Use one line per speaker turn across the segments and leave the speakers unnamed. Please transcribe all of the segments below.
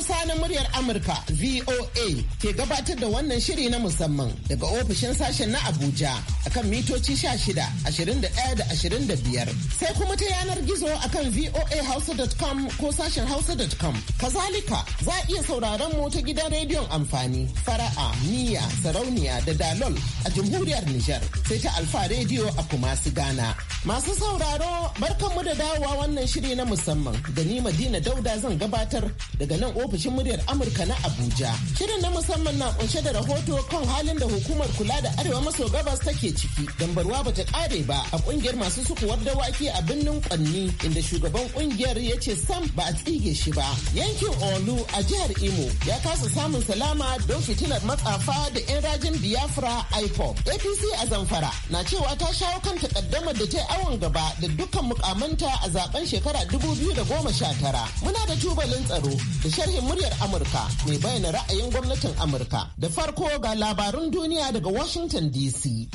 Hausa na muryar Amurka VOA ke gabatar da wannan shiri na musamman daga ofishin sashen na Abuja akan mitoci 16, 21 da 25. Sai kuma ta yanar gizo akan voahausa.com ko sashen hausa.com. Kazalika za a iya sauraron mu ta gidan rediyon amfani fara'a, miya sarauniya da dalol a jamhuriyar Nijar sai ta alfa rediyo a kumasi su Ghana. Masu sauraro barkanmu da dawowa wannan shiri na musamman da ni Madina Dauda zan gabatar daga nan ofishin muryar Amurka na Abuja. Shirin na musamman na kunshe da rahoto kan halin da hukumar kula da Arewa maso gabas take ciki. Dambarwa bata kare ba a kungiyar masu sukuwar dawaki a birnin Kwanni inda shugaban kungiyar ya ce sam ba a tsige shi ba. Yankin Olu a jihar Imo ya kasa samun salama don fitilar matsafa da 'yan rajin Biafra IPOP. APC a Zamfara na cewa ta shawo kan takaddamar da ta yi awon gaba da dukkan mukamanta a zaben shekara dubu biyu da goma sha tara. Muna da tubalin tsaro da sharhi sharhin muryar Amurka mai bayyana ra'ayin gwamnatin Amurka. Da farko ga labarun duniya daga Washington DC.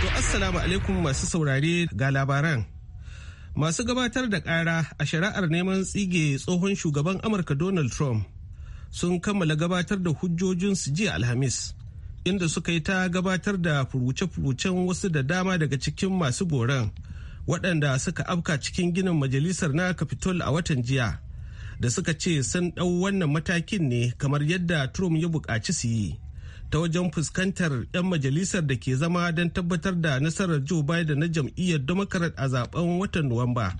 To Assalamu alaikum masu saurare ga labaran. Masu gabatar da ƙara a shari'ar neman tsige tsohon shugaban Amurka Donald Trump sun kammala gabatar da hujjojinsu jiya Alhamis. inda suka yi ta gabatar da furuce-furucen wasu da dama daga cikin masu goron waɗanda suka afka cikin ginin majalisar na capitol a watan jiya da suka ce sun ɗau wannan matakin ne kamar yadda trump ya buƙaci su yi ta wajen fuskantar 'yan majalisar da ke zama don tabbatar da nasarar joe biden na jam'iyyar democrat a zaben watan nuwamba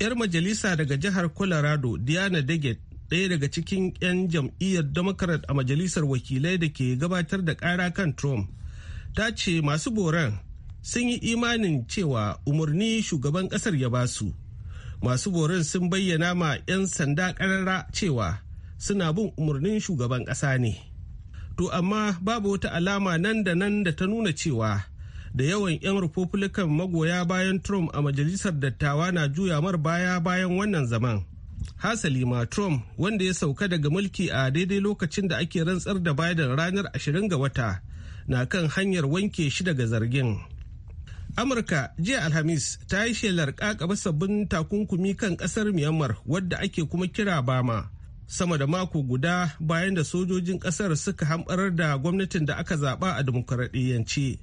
'yar majalisa daga jihar colorado diana daggett ɗaya daga cikin 'yan jam'iyyar democrat a majalisar wakilai da ke gabatar da ƙara kan trump ta ce masu boran sun yi imanin cewa umarni shugaban kasar ya basu masu borin sun bayyana ma 'yan sanda karara cewa suna bin umarnin shugaban ƙasa ne to amma babu wata alama nan da nan da ta nuna cewa da yawan 'yan republican magoya bayan trump a majalisar dattawa na juya mar baya bayan wannan zaman hasali ma trump wanda ya sauka daga mulki a daidai lokacin da ake rantsar da biden ranar 20 ga wata na kan hanyar wanke shi daga zargin amurka jiya alhamis ta yi shelar kakaba sabbin takunkumi kan kasar myanmar wadda ake kuma kira bama sama da mako guda bayan da sojojin kasar suka hamɓarar da gwamnatin da aka zaɓa a dimokuraɗiyyance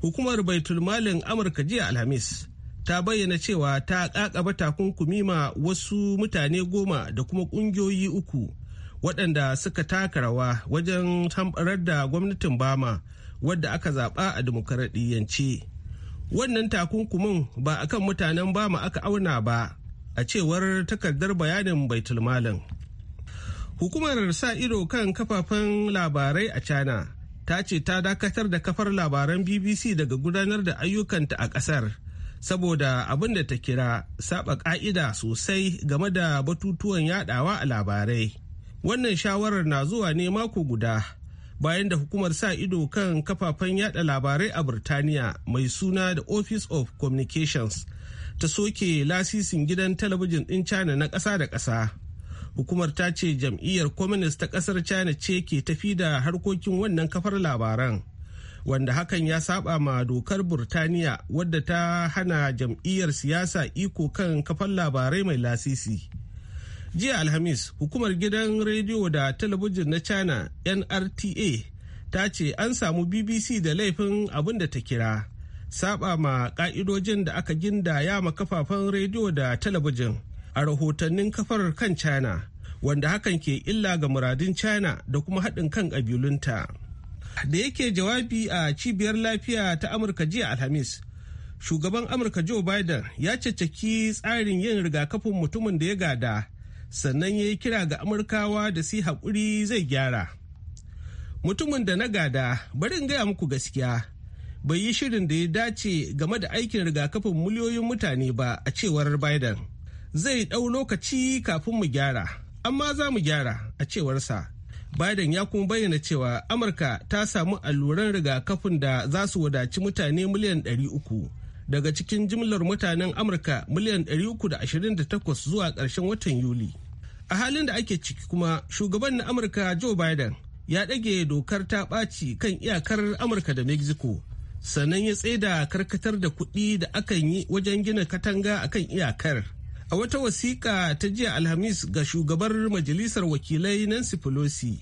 hukumar baitulmalin amurka jiya alhamis ta bayyana cewa ta kakaba takunkumi ma wasu mutane goma da kuma ƙungiyoyi uku waɗanda suka taka rawa wajen hamɓarar da gwamnatin bama wadda aka zaɓa a dimokuraɗiyyance wannan takunkumin ba a kan mutanen bama aka auna ba a cewar takardar bayanin baitulmalin hukumar sa ido kan kafafen labarai a china ta ce ta dakatar da kafar labaran bbc daga gudanar da ayyukanta a kasar saboda abin da ta kira saba ka'ida sosai game da batutuwan yadawa a labarai wannan shawarar na zuwa ne mako guda bayan da hukumar sa ido kan kafafen yada labarai a Birtaniya. mai suna da Office of Communications ta soke lasisin gidan talabijin ɗin China na ƙasa da ƙasa. Hukumar ta ce jam'iyyar Communist ta ƙasar China ce ke tafi da harkokin wannan kafar labaran. Wanda hakan ya saba ma dokar Burtaniya wadda ta hana jam'iyyar siyasa iko kan kafar labarai mai lasisi. jiya alhamis hukumar gidan rediyo da talabijin na china nrta ta ce an samu bbc da laifin abin da ta kira saba ma ka'idojin da aka gindaya ma kafafen rediyo da talabijin a rahotannin kafar kan china wanda hakan ke illa ga muradin china da kuma haɗin kan ƙabilunta da yake jawabi a cibiyar lafiya ta amurka jiya alhamis shugaban amurka joe biden ya caccaki tsarin yin rigakafin mutumin da ya gada sannan ya yi kira ga amurkawa da su haƙuri zai gyara mutumin da na gada bari in gaya muku gaskiya bai yi shirin da ya dace game da aikin rigakafin miliyoyin mutane ba a cewar biden zai ɗau lokaci kafin mu gyara amma za mu gyara a cewarsa biden ya kuma bayyana cewa amurka ta samu alluran rigakafin da za su wadaci mutane miliyan 300 daga cikin jimlar mutanen amurka miliyan ɗari da da 328 zuwa ƙarshen watan yuli a halin da ake ciki kuma shugaban na amurka joe biden ya ɗage dokar ta ɓaci kan iyakar amurka da mexico sannan ya tsaida karkatar da kuɗi da akan yi wajen gina katanga a kan iyakar a wata wasiƙa ta jiya alhamis ga shugabar majalisar wakilai nancy pelosi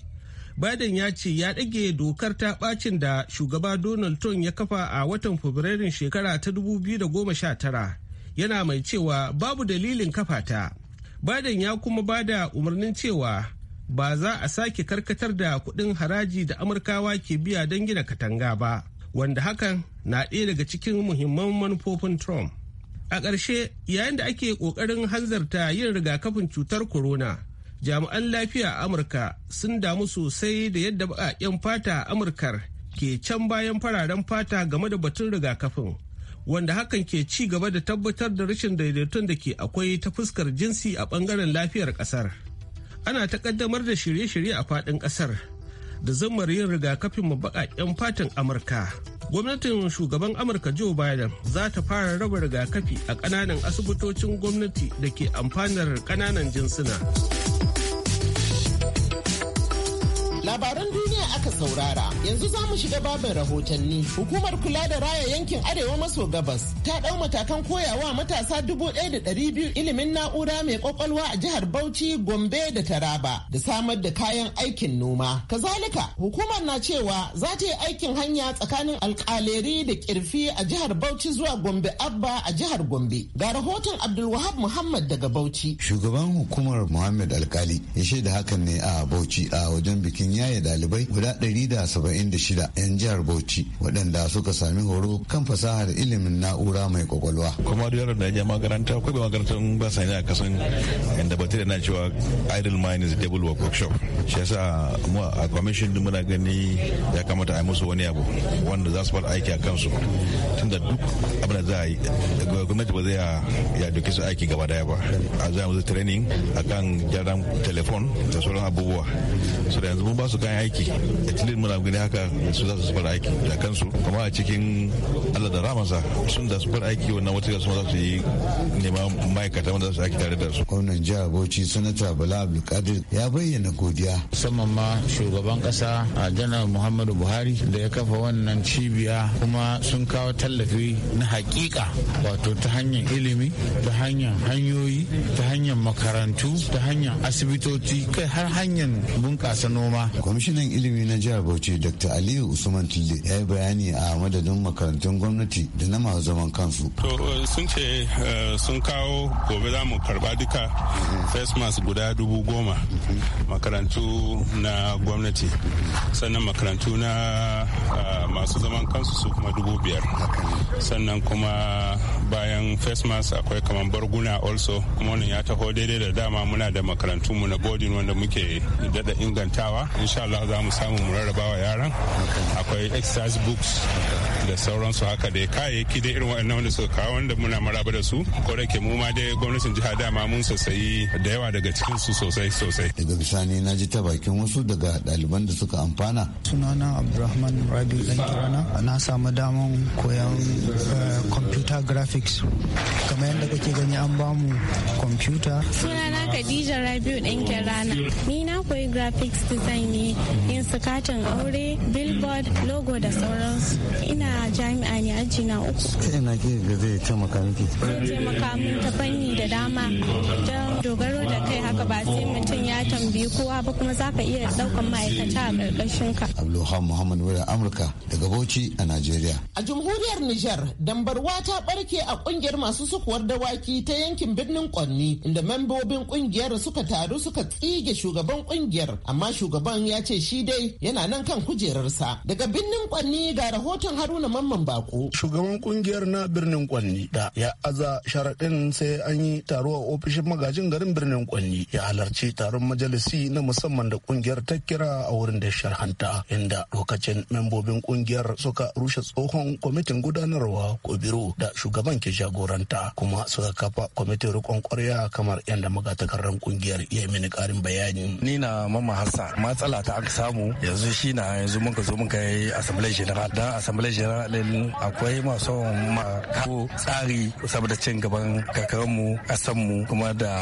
biden ya ce ya ɗage dokar ta ɓacin da shugaba donald trump ya kafa a watan fabrairun shekara ta 2019 yana mai cewa babu dalilin kafa ta Biden ya kuma ba da umarnin cewa ba za a sake karkatar da kuɗin haraji da Amurkawa ke biya don gina katanga ba, wanda hakan na ɗaya daga cikin muhimman manufofin Trump. A ƙarshe, yayin da ake ƙoƙarin hanzarta yin rigakafin cutar corona, jami'an lafiya a Amurka sun damu sosai da yadda baƙaƙen fata Amurkar ke can bayan fararen fata game da batun rigakafin. wanda hakan ke ci gaba da tabbatar da rashin daidaiton da ke akwai ta fuskar jinsi a bangaren lafiyar kasar ana ta kaddamar da shirye-shirye a fadin kasar da zammar yin rigakafin mabaƙaƙen fatan amurka gwamnatin shugaban amurka joe biden za ta fara raba rigakafi a ƙananan asibitocin gwamnati da ke amfanar ƙananan jinsuna
labaran duniya duniya aka saurara. Yanzu za mu shiga babin rahotanni. Hukumar kula da raya yankin Arewa maso gabas ta ɗau matakan koyawa matasa dubu ɗaya da ɗari biyu ilimin na'ura mai kwakwalwa a jihar Bauchi, Gombe da Taraba da samar da kayan aikin noma. Kazalika, hukumar na cewa za ta yi aikin hanya tsakanin alkaleri da kirfi a jihar Bauchi zuwa Gombe Abba a jihar Gombe. Ga rahoton
Abdulwahab Muhammad daga Bauchi. Shugaban hukumar Muhammad Alkali ya shaida hakan ne a Bauchi a wajen bikin yaye ɗalibai guda 176 'yan jihar Bauchi waɗanda suka sami horo kan fasahar ilimin na'ura mai kwakwalwa.
Kuma duk yaron da ya makaranta akwai in ba sani a kasan yadda ba na cewa idle mind is devil work workshop. Shi yasa mu a commission din muna gani ya kamata a yi musu wani abu wanda za su fara aiki a kansu da duk abin da za a yi gwamnati ba zai ya doke su aiki gaba daya ba. A za musu training a kan jaran telefon da sauran abubuwa. Su da yanzu mun ba su kayan aiki tilin muna gani haka su za su bar aiki da kansu kuma
a cikin allah da ramasa sun da su bar aiki wannan wata su za su yi nema ma'aikata wanda za su aiki tare da su gwamnan jihar bauchi sanata bala abdulkadir ya bayyana godiya
musamman ma shugaban kasa a janar muhammadu buhari da ya kafa wannan cibiya
kuma sun kawo tallafi na hakika wato ta hanyar ilimi ta hanyar hanyoyi ta hanyar makarantu ta hanyar
asibitoci kai har hanyar bunƙasa noma kwamishinan ilimi ilimi na jihar bauchi dr aliyu usman tilde ya yi bayani a madadin makarantun gwamnati da na masu zaman kansu
to sun ce eh, sun kawo gobe za mu karba duka face mask guda dubu goma makarantu na gwamnati sannan makarantu na ah, masu zaman kansu su kuma dubu biyar sannan kuma bayan face mask akwai kamar barguna also kuma wannan ya taho daidai da dama muna da makarantu mu na boarding wanda muke dada ingantawa insha Allah za mu samu mu rarrabawa yaran akwai exercise books da sauransu haka da kayayyaki da irin waɗannan wanda suka kawo wanda muna maraba da su ko da ke mu ma
dai gwamnatin jiha dama mun sosai da yawa daga cikin su sosai sosai daga bisani na ji ta wasu daga ɗaliban da suka amfana
sunana abdulrahman rabi dan kirana na samu daman koyan eh, computer graphic gwamnati kamar yadda kake gani an ba mu kwamfuta
sunana khadija rabiu dan rana ni na koyi graphics design ne yin katin aure billboard logo da sauransu ina jami'a ne aji na uku
ina ke ga zai taimaka miki zai
taimaka mun ta fanni da dama don dogaro da kai haka ba sai mutum ya tambayi kowa ba kuma za ka iya ɗaukan ma'aikata a karkashin ka
abdulhamid muhammad wurin amurka daga bauchi a najeriya
a jamhuriyar nijar dambarwa ta barke a kungiyar masu sukuwar dawaki ta yankin birnin Kwanni inda membobin kungiyar suka taru suka tsige shugaban kungiyar amma shugaban ya ce shi dai yana nan kan kujerarsa. Daga birnin Kwanni ga rahoton Haruna Mamman Bako. Shugaban kungiyar na birnin Kwanni
da ya aza sharaɗin sai an yi taro a ofishin magajin garin birnin Kwanni ya halarci taron majalisi na musamman da kungiyar ta kira a wurin da sharhanta inda lokacin membobin kungiyar suka rushe tsohon kwamitin gudanarwa ko biro da shugaban Usman ke jagoranta kuma suka kafa kwamitin rikon kwarya kamar yadda magatakarren kungiyar ya mini karin bayani. Ni na Mama Hassan matsala ta aka samu yanzu shi na yanzu muka zo muka yi Assembly General dan Assembly General akwai masu ma kawo tsari saboda cin gaban kakarmu kasanmu kuma da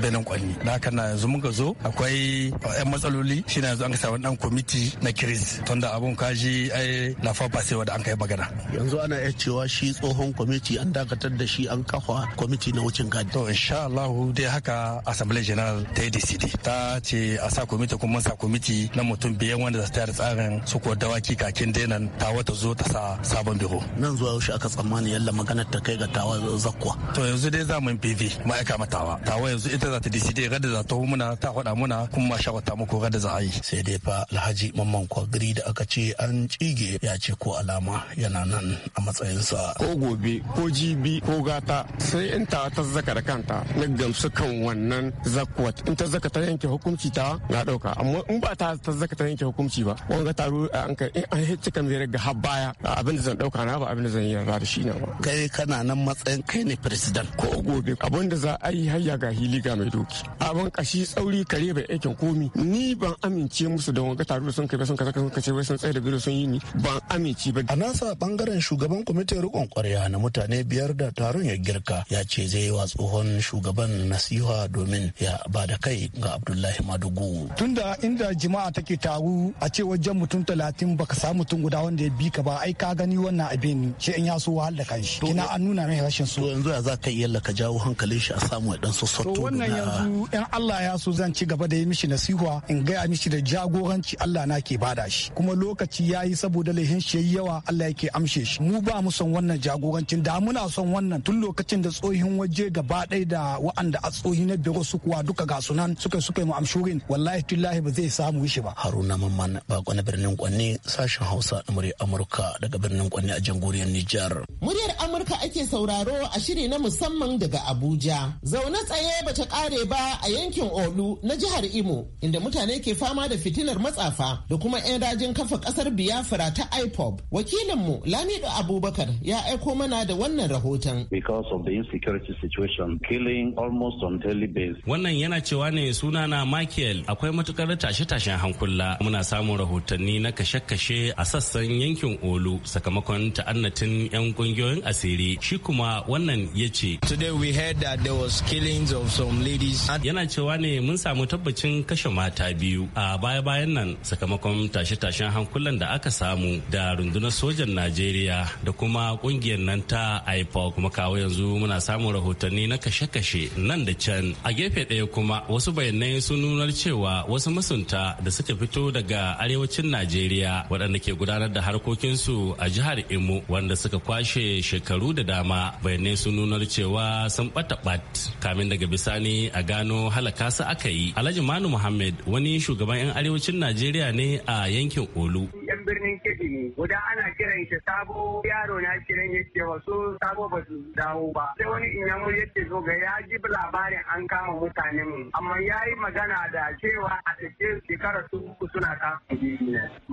benin kwanni da haka na yanzu muka zo akwai yan matsaloli shi na yanzu an samu dan kwamiti na kiris tunda abun kaji ai lafa fasewa da an kai magana. Yanzu ana iya cewa shi tsohon kwamiti an an dakatar da shi an kafa kwamiti na wucin gadi. To insha Allah dai haka Assembly General ta yi decide ta ce a sa kwamiti kuma sa kwamiti na mutum biyan wanda za su tayar tsarin su ko dawaki kakin denan tawa ta zo ta sa sabon biro. Nan zuwa yaushe aka tsammani yalla maganar ta kai ga tawa zakwa. To yanzu dai za mu PV ma'aika matawa. Tawa yanzu ita za ta decide gada za ta muna ta faɗa muna kuma ma sha wata muku gada za a yi. Sai dai fa Alhaji Mamman Kwagiri da aka ce an cige ya ce ko alama yana nan a matsayinsa.
Ko gobe ko jibi ko gata sai in ta ta zaka
da kanta na gamsu kan wannan zakwat in ta zaka ta yanke hukunci ta na dauka amma in ba ta ta zaka ta yanke hukunci ba ga taro eh, an kai an cika kan zai har baya abin da zan dauka na ba abin da zan yi yarda da shi na ba kai kana nan matsayin kai ne president ko gobe abin da za a yi hayya ga hili ga mai doki abin kashi tsauri kare bai aikin komi ni ban amince musu da ga taro sun kai sun kaza sun kace bai sun tsaye da biro sun yi ni ban amince ba a nasa bangaren shugaban kwamitin rikon kwarya na mutane biyar da taron ya girka ya ce zai yi wa tsohon shugaban nasiha domin ya ba da kai ga abdullahi madugu tunda inda jima'a take taru a ce wajen mutum talatin baka samu mutum guda wanda ya bi ka ba ai ka gani wannan abin shi in ya so wahal da kanshi kina an nuna mai rashin so yanzu ya za ka iya laka jawo hankalin shi a samu ya dan sosotto to wannan yanzu in Allah ya so zan ci gaba da yi mishi nasiha in gaya mishi da jagoranci Allah na ke bada shi kuma lokaci yayi saboda laihin shi yawa Allah yake amshe shi mu ba mu son wannan jagorancin da muna muna son wannan tun lokacin da tsohin waje gaba ɗaya da wa'anda a tsohi na biro su kuwa duka ga sunan suka suka mu amshurin wallahi tillahi ba zai samu shi ba haruna mamman ba na birnin kwanne sashen hausa na muryar amurka daga birnin kwanne a jamhuriyar nijar
muryar amurka ake sauraro a shiri na musamman daga abuja zaune tsaye ba ta kare ba a yankin olu na jihar imo inda mutane ke fama da fitinar matsafa da kuma 'yan rajin kafa kasar biyafra ta ipob wakilinmu lamido abubakar ya aiko mana da wannan rahoton.
Because of the insecurity situation,
killing almost on daily basis.
Wannan yana cewa ne suna na Michael akwai matukar tashe-tashen hankula muna samun rahotanni na kashe-kashe a sassan yankin Olu sakamakon ta'annatin 'yan kungiyoyin asiri. Shi kuma wannan ya ce. Today we heard that there was killings of some ladies. Yana cewa ne mun samu tabbacin kashe mata biyu a baya-bayan nan sakamakon tashe-tashen hankulan da aka samu da rundunar sojan Najeriya da kuma kungiyar nan ta haifawa kuma kawo yanzu muna samun rahotanni na kashe-kashe nan da can a gefe ɗaya kuma wasu bayanai sun nunar cewa wasu masunta da suka fito daga arewacin najeriya waɗanda ke gudanar da harkokinsu a jihar imo wanda suka kwashe shekaru da dama bayanai sun nunar cewa sun ɓata ɓat kamin daga bisani a gano halaka su aka yi alhaji manu muhammad wani shugaban 'yan arewacin najeriya ne a yankin olu
guda ana kiran shi
sabo yaro na kiran yake wasu sabo ba su dawo ba sai wani in yamur yake zo ga ya ji labarin an kama mutane mu amma ya yi magana da cewa a cikin shekarar su uku suna kama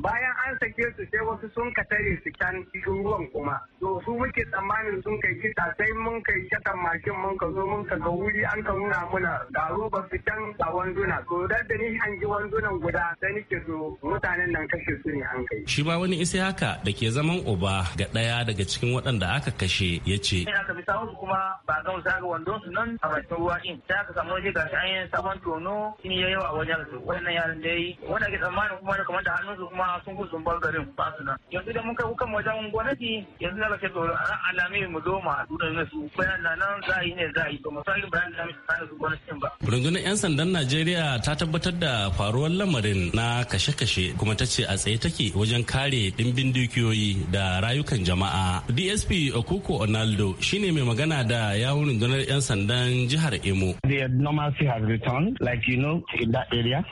bayan an sake su sai wasu sun ka tare su can cikin ruwan kuma to su muke tsammanin sun kai kisa sai mun kai shakan mashin mun ka zo mun ka ga wuri an ka nuna muna garo ba su can a wanduna to da ni an ji wandunan guda sai nike so mutanen nan kashe su ne an kai
shi ba wani isa Isiyaka da ke zaman uba ga ɗaya daga cikin waɗanda aka kashe ya ce.
Ina ka bisa wasu kuma ba ga wasu ga wando su nan a bakin ruwa ɗin. Sai aka samu waje gashi an yi sabon tono shi ya yawa wajen su. Wannan yaran da yi wanda ke tsammanin kuma da kamar da hannun su kuma sun gudu sun bar garin ba su nan. Yanzu da mun kai kukan wajen gwamnati yanzu na kashe tsoro a alami mu zo ma duna su. Bayan na nan za a yi ne za a yi. Ba mu sa
yi bayan da mu su gwamnatin
ba. Rundunar 'yan sandan Najeriya ta tabbatar da faruwar lamarin na kashe-kashe kuma ta ce a tsaye take wajen kare ɗimbin bin dukiyoyi da rayukan jama'a dsp okuko onaldo shine mai magana da yawun rundunar 'yan sandan jihar imo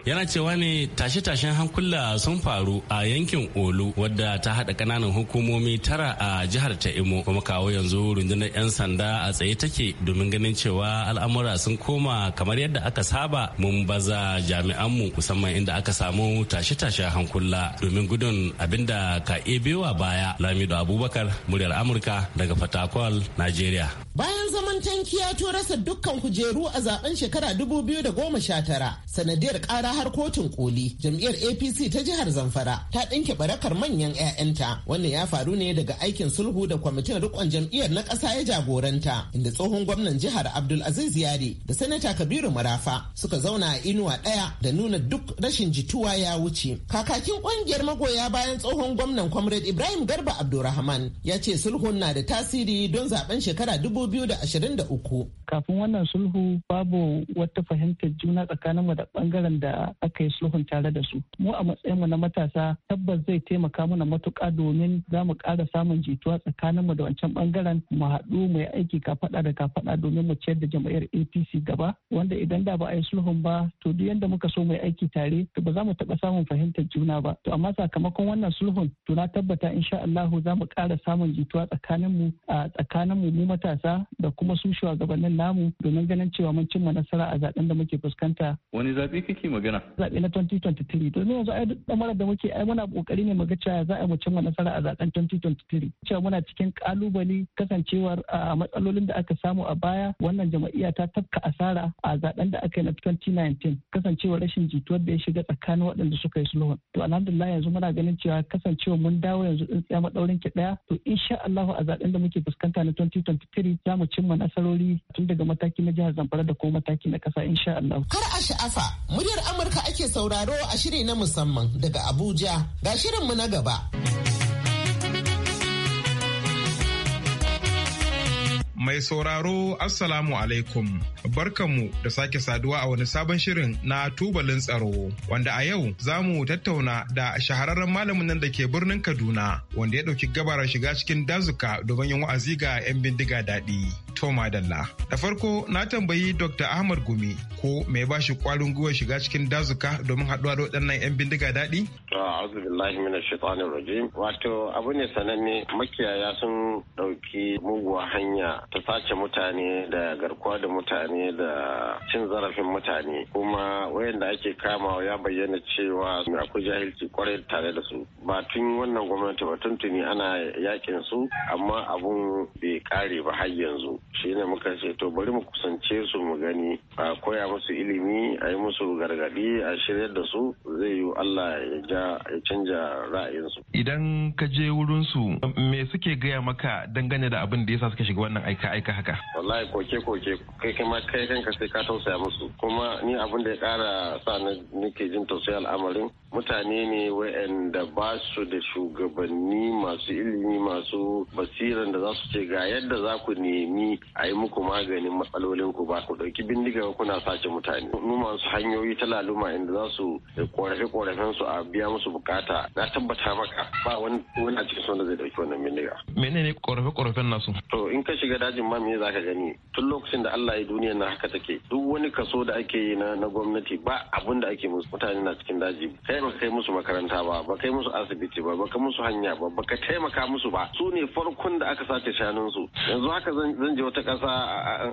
yana cewa ne tashe-tashen hankula sun faru a yankin olu wadda ta haɗa kananan hukumomi tara a jihar ta imo kuma kawo yanzu rundunar 'yan sanda a tsaye take domin ganin cewa al'amura sun koma kamar yadda aka saba mun baza jami'anmu musamman inda aka samu tashe-tashen hankula domin gudun abinda ka wata ebewa baya lamido abubakar muryar amurka daga fatakwal nigeria
bayan zaman tanki ya to rasa dukkan kujeru a zaben shekara 2019 sanadiyar kara har kotun koli jam'iyyar apc ta jihar zamfara ta ɗinke barakar manyan 'ya'yanta wannan ya faru ne daga aikin sulhu da kwamitin rikon jam'iyyar na ƙasa ya jagoranta inda tsohon gwamnan jihar abdulaziz yari da sanata kabiru marafa suka zauna a inuwa ɗaya da nuna duk rashin jituwa ya wuce kakakin ƙungiyar magoya bayan tsohon gwamnan Sanatan Comrade Ibrahim Garba abdurrahman ya ce sulhun na da tasiri don zaben shekara 2023.
Kafin wannan sulhu babu wata fahimtar juna tsakaninmu da bangaren da aka yi sulhun tare da su. Mu a matsayinmu na matasa tabbas zai taimaka mana matuƙa domin za mu ƙara samun jituwa tsakaninmu da wancan bangaren mu haɗu mu yi aiki kafaɗa da kafaɗa domin mu ciyar da jama'ar APC gaba wanda idan da ba a yi sulhun ba to duk yadda muka so mu yi aiki tare to ba za mu taɓa samun fahimtar juna ba. To amma sakamakon wannan sulhun to na tabbata insha Allah za mu ƙara samun jituwa tsakanin mu a tsakanin mu matasa da kuma su shugabannin namu domin ganin cewa mun cimma nasara a zaben da muke fuskanta
wani zabe kake magana
zabe na 2023 domin yanzu ai damarar da muke ai muna kokari ne mu ga cewa za a mu cimma nasara a zaben 2023 cewa muna cikin kalubale kasancewar matsalolin da aka samu a baya wannan jama'iyya ta tafka asara a zaben da aka yi na 2019 kasancewar rashin jituwar da ya shiga tsakanin waɗanda suka yi sulhu to alhamdulillah yanzu muna ganin cewa kasancewar yau mun dawo yanzu in tsaya maɗaurin ki ɗaya to insha Allah a zaɓen da muke fuskanta na 2023 za mu cimma nasarori tun daga mataki na jihar Zamfara da kuma mataki na ƙasa, insha Allah
kar a sha'afa muryar Amurka ake sauraro a shiri
na musamman daga Abuja ga shirinmu na gaba. Mai sauraro Assalamu alaikum. Barkanmu da sake saduwa a wani sabon shirin na tubalin tsaro wanda a yau za mu tattauna da shahararren malamin nan da ke birnin Kaduna wanda ya ɗauki gabarar shiga cikin dazuka domin yin wa'azi ga 'yan bindiga daɗi. Toma Dalla. Da farko na tambayi Dr. Ahmad Gumi ko mai ba shi kwarin gwiwa shiga cikin dazuka domin haɗuwa da waɗannan 'yan bindiga daɗi?
Wato abu ne sananne makiyaya sun ɗauki muguwa hanya face mutane da garkuwa da mutane da cin zarafin mutane kuma wayanda ake kamawa ya bayyana cewa akwai jahilci kwarai tare da su ba tun wannan gwamnati ba tuntuni ana yakin su amma abun bai kare ba har yanzu shi ne muka ce to bari mu kusance su mu gani a koya musu ilimi a yi musu gargadi a shiryar da su zai yi Allah ya ja ya canja ra'ayinsu
idan ka je wurin su me suke gaya maka dangane da abin da yasa suka shiga wannan aika aika haka
wallahi koke koke kai kuma kai kanka sai ka tausaya musu kuma ni abin da ya kara sa nake jin tausayi al'amarin mutane ne wa'anda ba su da shugabanni masu ilimi masu basiran da za su ce ga yadda za ku nemi a yi muku maganin matsalolin ku ba ku ɗauki bindiga kuna sace mutane numa su hanyoyi ta laluma inda za su korafe korafen su a biya musu bukata na tabbata maka ba wani a cikin sun da zai ɗauki wannan bindiga
menene korafe korafen nasu
to in ka shiga dajin ma me zaka gani tun lokacin da Allah ya duniya na haka take duk wani kaso da ake yi na na gwamnati ba abin da ake musu mutane na cikin daji kai ba kai musu makaranta ba ba kai musu asibiti ba ba kai musu hanya ba ba ka taimaka musu ba su ne farkon da aka sace shanun su yanzu haka zan je wata kasa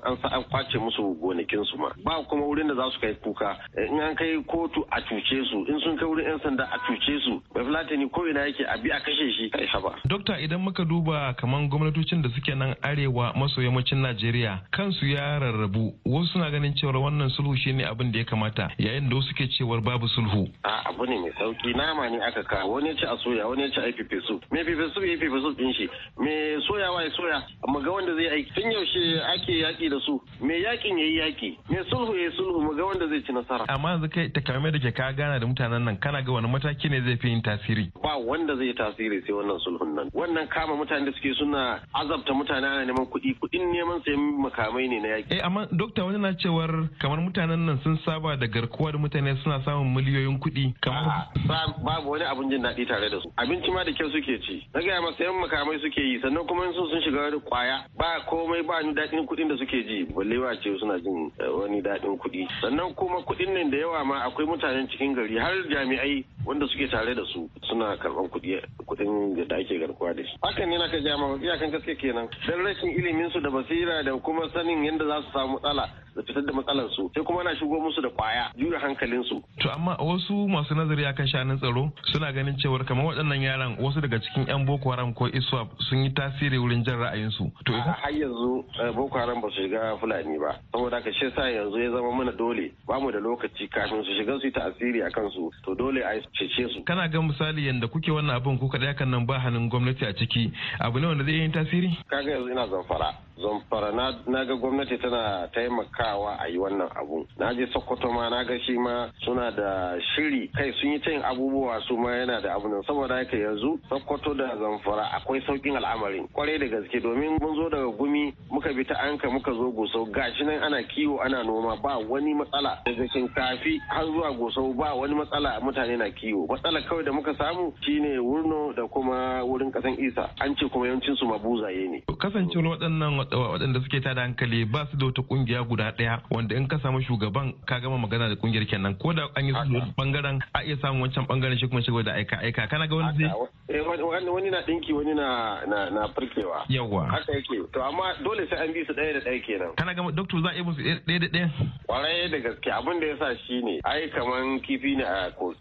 an sa an kwace musu gonakin su ma ba kuma wurin da za su kai kuka in an kai kotu a cuce su in sun kai wurin yan sanda a cuce su ba ni ko ina yake a bi a kashe shi kai haba
dokta idan muka duba kaman gwamnatocin da suke nan arewa maso yammacin Najeriya kansu ya rarrabu wasu suna ganin cewar wannan sulhu shine abin da ya kamata yayin da wasu ke cewar babu sulhu. A abu
ne mai sauki nama ne aka kawo wani ya ci a soya wani ya ci a fife su me fife su ya fife su din shi me wa ya soya amma ga wanda zai aiki tun yaushe ake yaki da su me yakin yayi yaki me sulhu yayi sulhu mu ga wanda zai ci nasara.
Amma yanzu kai takamai da ke ka gana da mutanen nan kana ga wani mataki ne zai fi yin tasiri.
Ba wanda zai yi tasiri sai wannan sulhun nan wannan kama mutane da suke suna azabta mutane ana neman kuɗi kuɗin neman sayan makamai ne na yaki. Eh amma dokta
wani na cewar kamar mutanen nan sun saba da garkuwa da mutane suna samun miliyoyin kuɗi kamar.
Babu wani abin jin daɗi tare da su. Abinci ma da kyau suke ci. Na gaya ma sayan makamai suke yi sannan kuma sun sun shiga wani kwaya ba komai ba ni daɗin kuɗin da suke ji balle ba ce suna jin eh, wani daɗin kuɗi. Sannan kuma kuɗin nan da yawa ma akwai mutanen cikin gari har jami'ai wanda suke tare da su suna karban kuɗin da ake garkuwa da shi hakan ne ka jama iyakan gaske kenan dan rashin ilimin su da basira da kuma sanin yadda za su samu tsala. da fitar da matsalar su sai kuma ana shigo musu da kwaya jure hankalin su
to amma wasu masu nazari akan shanun tsaro suna ganin cewar kamar waɗannan yaran wasu daga cikin yan boko haram ko iswap sun yi tasiri wurin jan ra'ayin su to har
yanzu eh, boko haram ba su shiga fulani ba saboda haka shi sa yanzu ya zama mana dole ba mu da lokaci kafin su shiga su yi tasiri akan su to dole a cece su
kana ga misali yanda kuke wannan abin ku kadai kan nan ba hannun gwamnati a ciki abu ne wanda zai yi tasiri
kaga yanzu ina zamfara zamfara na ga gwamnati tana taimakawa a yi wannan abu na je sokoto ma na ga shi ma suna da shiri kai sun yi cin abubuwa su ma yana da abu nan saboda haka yanzu sokoto da zamfara akwai saukin al'amarin kwarai da gaske domin mun zo daga gumi muka bi ta anka muka zo goso gashi nan ana kiwo ana noma ba wani matsala daga shinkafi har zuwa goso ba wani matsala mutane na kiwo matsala kawai da muka samu shine wurno da kuma wurin kasan isa an ce kuma yawancin
su mabuzaye ne kasancewar waɗannan waɗanda suke tada hankali ba su da wata kungiya guda ɗaya wanda in ka samu shugaban ka gama magana da kungiyar kenan ko da an yi su bangaren a iya samun wancan bangaren shi kuma shi da aika aika kana ga wani zai
eh, wani na dinki wani na na farkewa
yawa haka
yake to amma dole sai an bi su ɗaya da ɗaya kenan kana ga doctor za a yi musu ɗaya da ɗaya kwarai da gaske abin da ya sa shi ne ai kaman kifi ne a koki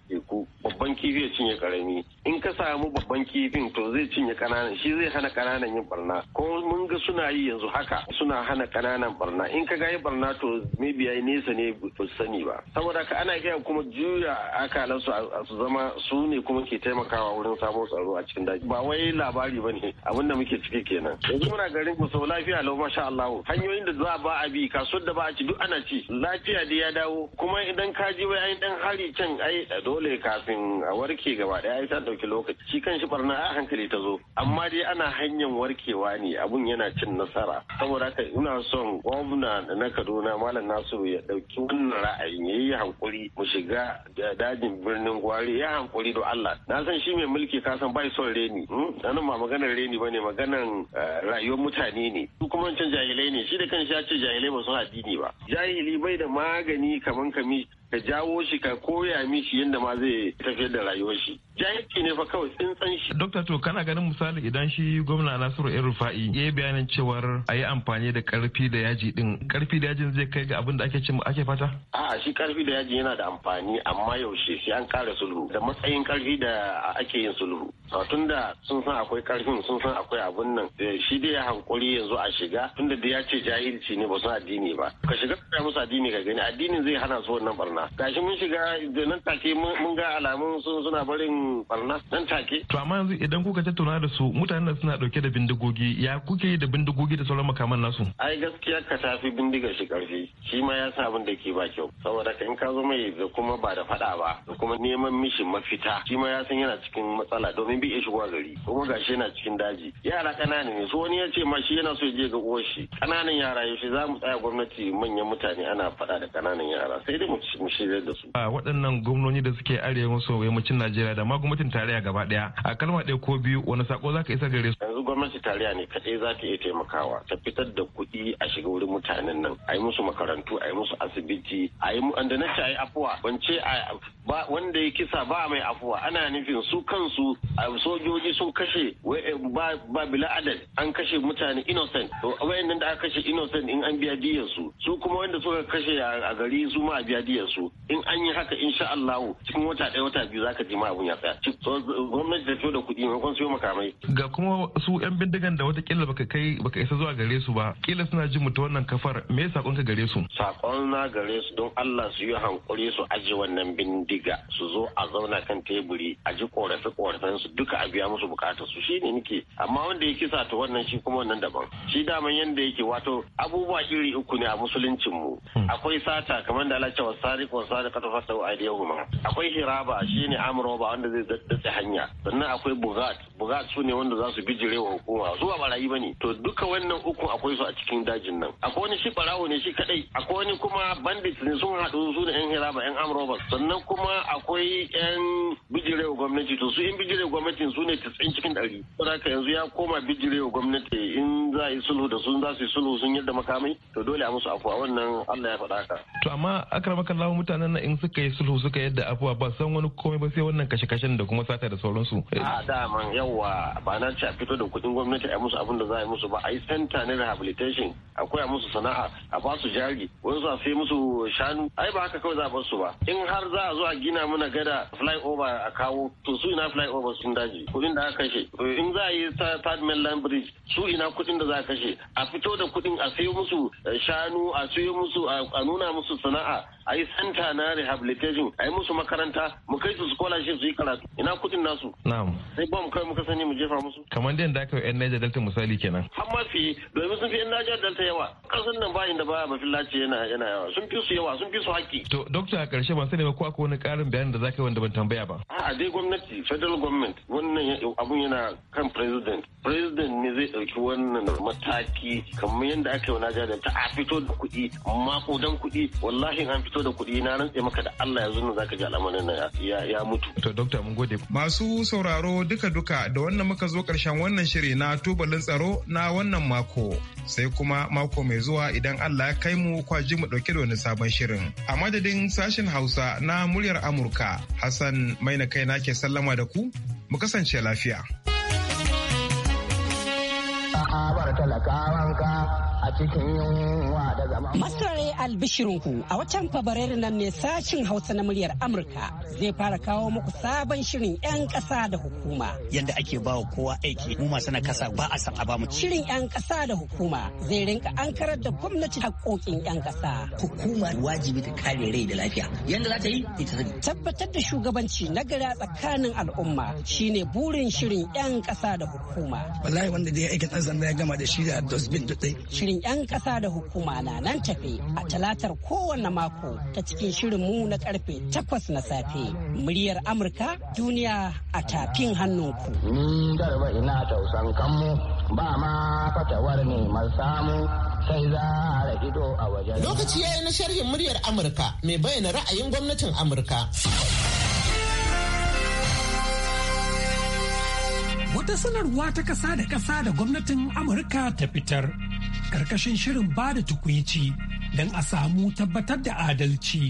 babban kifi ya cinye karami in ka samu babban kifin to zai cinye kananan shi zai hana kananan yin barna ko mun ga suna yi yanzu haka suna hana kananan barna in ka ga yi barna to maybe yi nesa ne ba sani ba saboda ka ana gaya kuma juya akalansu a su zama su ne kuma ke taimakawa wurin samun tsaro a cikin daji ba wai labari ba ne abin muke ciki kenan yanzu muna garin mu sau lafiya lau masha Allah hanyoyin da za ba a bi kasuwar da ba a ci duk ana ci lafiya da ya dawo kuma idan ka ji wai ai dan hari can ai dole kafin kafin a warke gaba daya ai ta dauki lokaci shi kan shi barna a hankali ta zo amma dai ana hanyar warkewa ne abun yana cin nasara saboda haka ina son gwamna na Kaduna Malam Nasiru ya dauki wannan ra'ayin yayi hankuri mu shiga dajin birnin Gwari ya hankuri do Allah na san shi mai mulki ka san bai son reni hmm? nan ma maganar reni bane maganar eh, rayuwar mutane ne su kuma can jahilai ne shi da kan shi ya ce jahilai ba su addini ba jahili bai da magani kaman kami ka jawo shi ka koya mishi yadda ma zai
tafiyar da rayuwar shi jahilci ne fa kawai tsintsan shi. Dokta to kana ganin misali idan shi gwamna Nasiru El Rufa'i ya yi bayanin cewar a yi amfani da karfi da yaji din karfi da yajin zai kai ga abin da ake cin ake fata?
A'a shi karfi da yaji yana da amfani amma yaushe sai an kare sulhu da matsayin karfi da ake yin sulhu. Tun da sun san akwai karfin sun san akwai abun nan eh, shi dai ya hankuri yanzu a shiga tun da ya ce jahilci ne ba su addini ba. Ka shiga ka musu addini ka gani addinin zai hana su wannan barna. Gashi mun shiga da nan take mun ga alamun suna barin barna nan take.
To amma yanzu idan kuka tattauna da su mutanen da suna dauke da bindigogi ya kuke da bindigogi da sauran makaman nasu.
Ai gaskiya ka tafi bindiga shi karfi shi ma ya sa abin da ke ba kyau saboda ka in ka zo mai da kuma ba da fada ba da kuma neman mishi mafita shi ma ya san yana cikin matsala domin bi ya shigo gari kuma gashi yana cikin daji yara kananan ne so wani ya ce ma shi yana so ya je ga uwar shi kananan yara yaushe za mu tsaya gwamnati manyan mutane ana fada da kananan yara sai dai mu shirya da su.
A waɗannan gwamnoni da suke arewa maso yammacin Najeriya da amma gwamnatin tarayya gaba daya a kalma ɗaya ko biyu wani sako za ka isa gare su.
yanzu gwamnati tarayya ne kaɗai za ta iya taimakawa ta fitar da kuɗi a shiga wurin mutanen nan a yi musu makarantu a yi musu asibiti a yi da na ci a yi afuwa ban ce wanda ya kisa ba mai afuwa ana nufin su kansu sojoji sun kashe eh, ba bila adad an kashe mutane innocent to wayannan da aka kashe innocent in an biya diyan su su kuma wanda suka kashe a gari su ma a biya diyan su in an yi haka insha Allah cikin wata ɗaya wata biyu zaka ji ma abun ya gwamnati da fito da kuɗi maimakon siyo makamai.
Ga kuma su 'yan bindigan da wata watakila baka kai baka isa zuwa gare su ba kila suna jin mutu wannan kafar me sakon ka gare su?
Sakon na gare su don Allah su yi hankuri su aje wannan bindiga su zo a zauna kan teburi a ji korafi korafin su duka a biya musu bukatar su shine nake amma wanda ya kisa ta wannan shi kuma wannan daban shi daman yanda yake wato abubuwa iri uku ne a musuluncin mu hmm. akwai sata kamar da Allah ya ce wasariqu wa fatu ma. akwai hiraba shine ba wanda zai daddatsa hanya sannan
akwai bugat
bugat su ne wanda za su bijire wa hukuma su ba barayi bane to duka wannan uku akwai su a cikin dajin nan akwai wani shi barawo ne shi kadai akwai wani kuma bandit ne sun haɗu su da yan hiraba yan amroba sannan kuma akwai yan bijire wa gwamnati to su yan bijire gwamnati su ne tsin cikin 100 saboda yanzu ya koma bijire wa gwamnati in za a yi sulhu da su za su yi sulhu sun yadda makamai to dole a musu afuwa wannan Allah ya faɗa ka
to amma akramaka Allah mutanen nan in suka yi sulhu suka yadda afuwa ba san wani komai ba sai wannan kashe kashe kashin da kuma sata da sauransu. A
man yawa ba na ce a fito da kuɗin gwamnati a musu abin da za a yi musu ba a yi center na rehabilitation a koya musu sana'a a ba su jari wani a sai musu shanu ai ba haka kawai za a bar su ba in har za a zo a gina mana gada flyover a kawo to su ina flyover sun daji kuɗin da aka kashe in za a yi third mainland bridge su ina kuɗin da za a kashe a fito da kuɗin a sayo musu eh, shanu a sayo musu a nuna musu sana'a a yi santa na rehabilitation a yi musu makaranta mu kai su scholarship su yi karatu ina kudin nasu na'am sai ba mu kai muka sani mu jefa musu
kamar da aka yi yan Niger Delta misali kenan
har ma fi domin sun fi yan Niger Delta yawa kasan nan ba da baya mafillaci yana yana yawa sun fi su yawa sun fi su haƙƙi
to doctor a ƙarshe ban sani ba ko akwai wani ƙarin bayani da zaka yi wanda ban tambaya ba
A dai gwamnati federal government wannan abun yana kan president president ne zai ɗauki wannan mataki kamar yadda aka yi wa Niger Delta a fito da kuɗi mako dan kuɗi wallahi an fito da kuɗi na rantse maka da Allah yanzu nan zaka ji al'amarin nan ya mutu. To
dokta mun gode. Masu sauraro duka duka da wannan muka zo karshen wannan shiri na tubalin tsaro na wannan mako. Sai kuma mako mai zuwa idan Allah ya kai mu kwaji mu ɗauke da wani sabon shirin. A madadin sashen Hausa na muryar Amurka, Hassan Maina kaina ke sallama da ku, mu kasance lafiya.
A'a talakawanka a cikin yunwa da zama. Masarare albishirinku a watan Fabrairu nan ne sashin Hausa na muryar Amurka zai fara kawo muku sabon shirin 'yan ƙasa da hukuma.
Yanda ake ba wa kowa aiki mu masu na kasa ba a san a ba
mu. Shirin 'yan ƙasa da hukuma zai rinka ankarar da gwamnati haƙoƙin 'yan ƙasa. Hukuma
wajibi ta kare rai da lafiya. Yanda za ta yi ita sani.
Tabbatar da shugabanci na gari tsakanin al'umma shine burin shirin 'yan ƙasa da hukuma.
Wallahi wanda dai
aikin
ɗan sanda ya gama da shi da dosbin dutse.
shirin 'yan ƙasa da hukuma na nan tafe a talatar kowane mako ta cikin shirin mu na karfe takwas na safe.
Muryar Amurka
duniya a tafin hannunku.
Ni garba ina tausan
kanmu ba
ma fatawar ne samu sai za a ido a wajen.
Lokaci ya yi
na sharhin muryar Amurka mai bayyana ra'ayin gwamnatin Amurka.
Wata sanarwa ta ƙasa da ƙasa da gwamnatin Amurka ta fitar. karkashin shirin ba da tukwici don a samu tabbatar da adalci.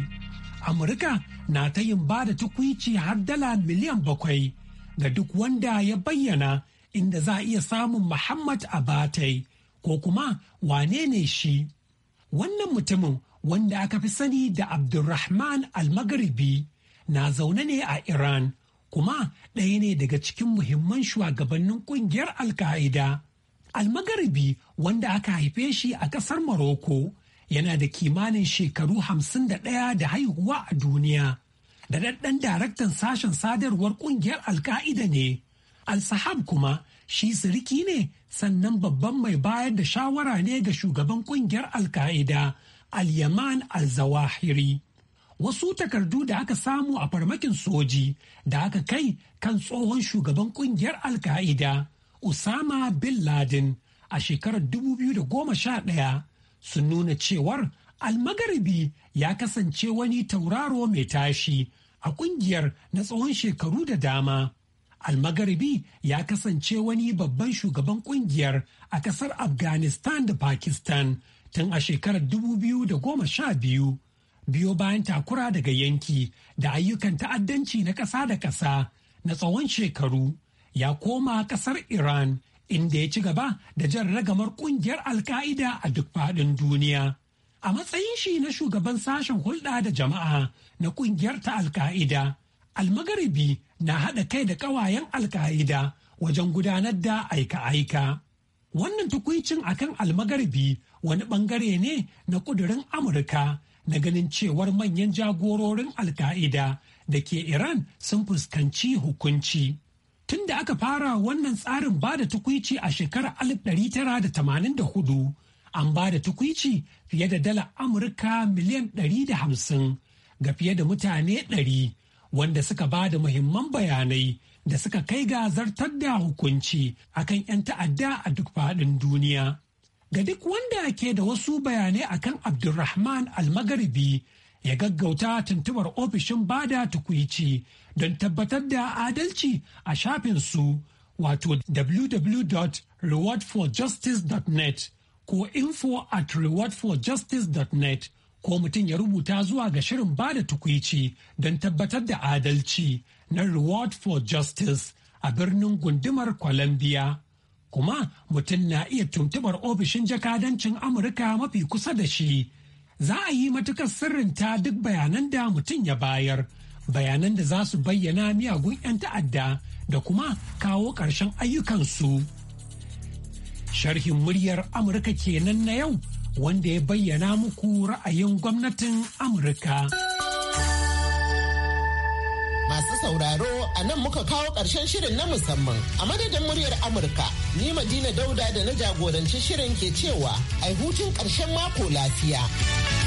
Amurka na ta yin ba da tukwici har dala miliyan bakwai ga duk wanda ya bayyana inda za a iya samun Muhammad Abatai ko kuma wane ne shi. Wannan mutumin wanda aka fi sani da Abdulrahman almagribi na zaune ne a Iran kuma ɗaya ne daga cikin muhimman shugabannin ƙungiyar Alka'ida. almagaribi wanda aka haife shi a ƙasar Morocco yana da kimanin shekaru hamsin da ɗaya da haihuwa a duniya. Da ɗaɗɗan daraktan sashen sadarwar ƙungiyar Alka'ida ne. Al-Sahab kuma shi siriki ne sannan babban mai bayar da shawara ne ga shugaban ƙungiyar Alka'ida Al-Yaman Al-Zawahiri. Wasu takardu da aka samu a farmakin soji da aka kai kan tsohon shugaban ƙungiyar Alka'ida Usama Bin Laden a shekarar 2011 sun nuna cewar almagaribi ya kasance wani tauraro mai tashi a kungiyar na tsawon shekaru da dama. almagaribi ya kasance wani babban shugaban kungiyar a kasar afghanistan da pakistan tun a shekarar 2012 biyo bayan takura daga yanki da ayyukan ta'addanci na ƙasa da ƙasa na tsawon shekaru ya koma kasar Iran inda ya ci gaba da jan ragamar kungiyar Alka'ida a duk faɗin duniya. A matsayin shi na shugaban sashen hulɗa da jama'a na kungiyar ta Alka'ida, almagaribi na haɗa kai da ƙawayen Alka'ida wajen gudanar da aika-aika. Wannan tukuicin akan almagaribi wani ɓangare ne na ƙudurin Amurka na ganin cewar manyan jagororin alka'ida da ke Iran sun fuskanci hukunci. Tun da aka fara wannan tsarin ba da tukwici a shekarar 1984 an ba da tukwici fiye da dala Amurka miliyan 150 ga fiye da mutane 100 wanda suka ba da muhimman bayanai da suka kai ga zartar da hukunci akan 'yan ta'adda a duk faɗin duniya. Ga duk wanda ke da wasu bayanai akan Abdulrahman Almagaribi ya gaggauta tuntubar ofishin bada tukwici don tabbatar da adalci a shafin su wato www.rewardforjustice.net ko info at rewardforjustice.net ko mutum ya rubuta zuwa ga shirin bada tukwici don tabbatar da adalci na reward for justice a birnin gundumar Columbia. Kuma mutum na iya tuntubar ofishin jakadancin Amurka mafi kusa da shi. Za a yi matukar sirrinta duk bayanan da mutum ya bayar bayanan da za su bayyana miyagun 'yan ta'adda da kuma kawo ƙarshen ayyukansu. Sharhin muryar Amurka kenan na yau wanda ya bayyana muku ra'ayin gwamnatin Amurka. Masu sauraro
a nan muka kawo ƙarshen shirin na musamman a madadin muryar Amurka ni Madina Dauda da na jagoranci shirin ke cewa ai hutun ƙarshen mako lafiya.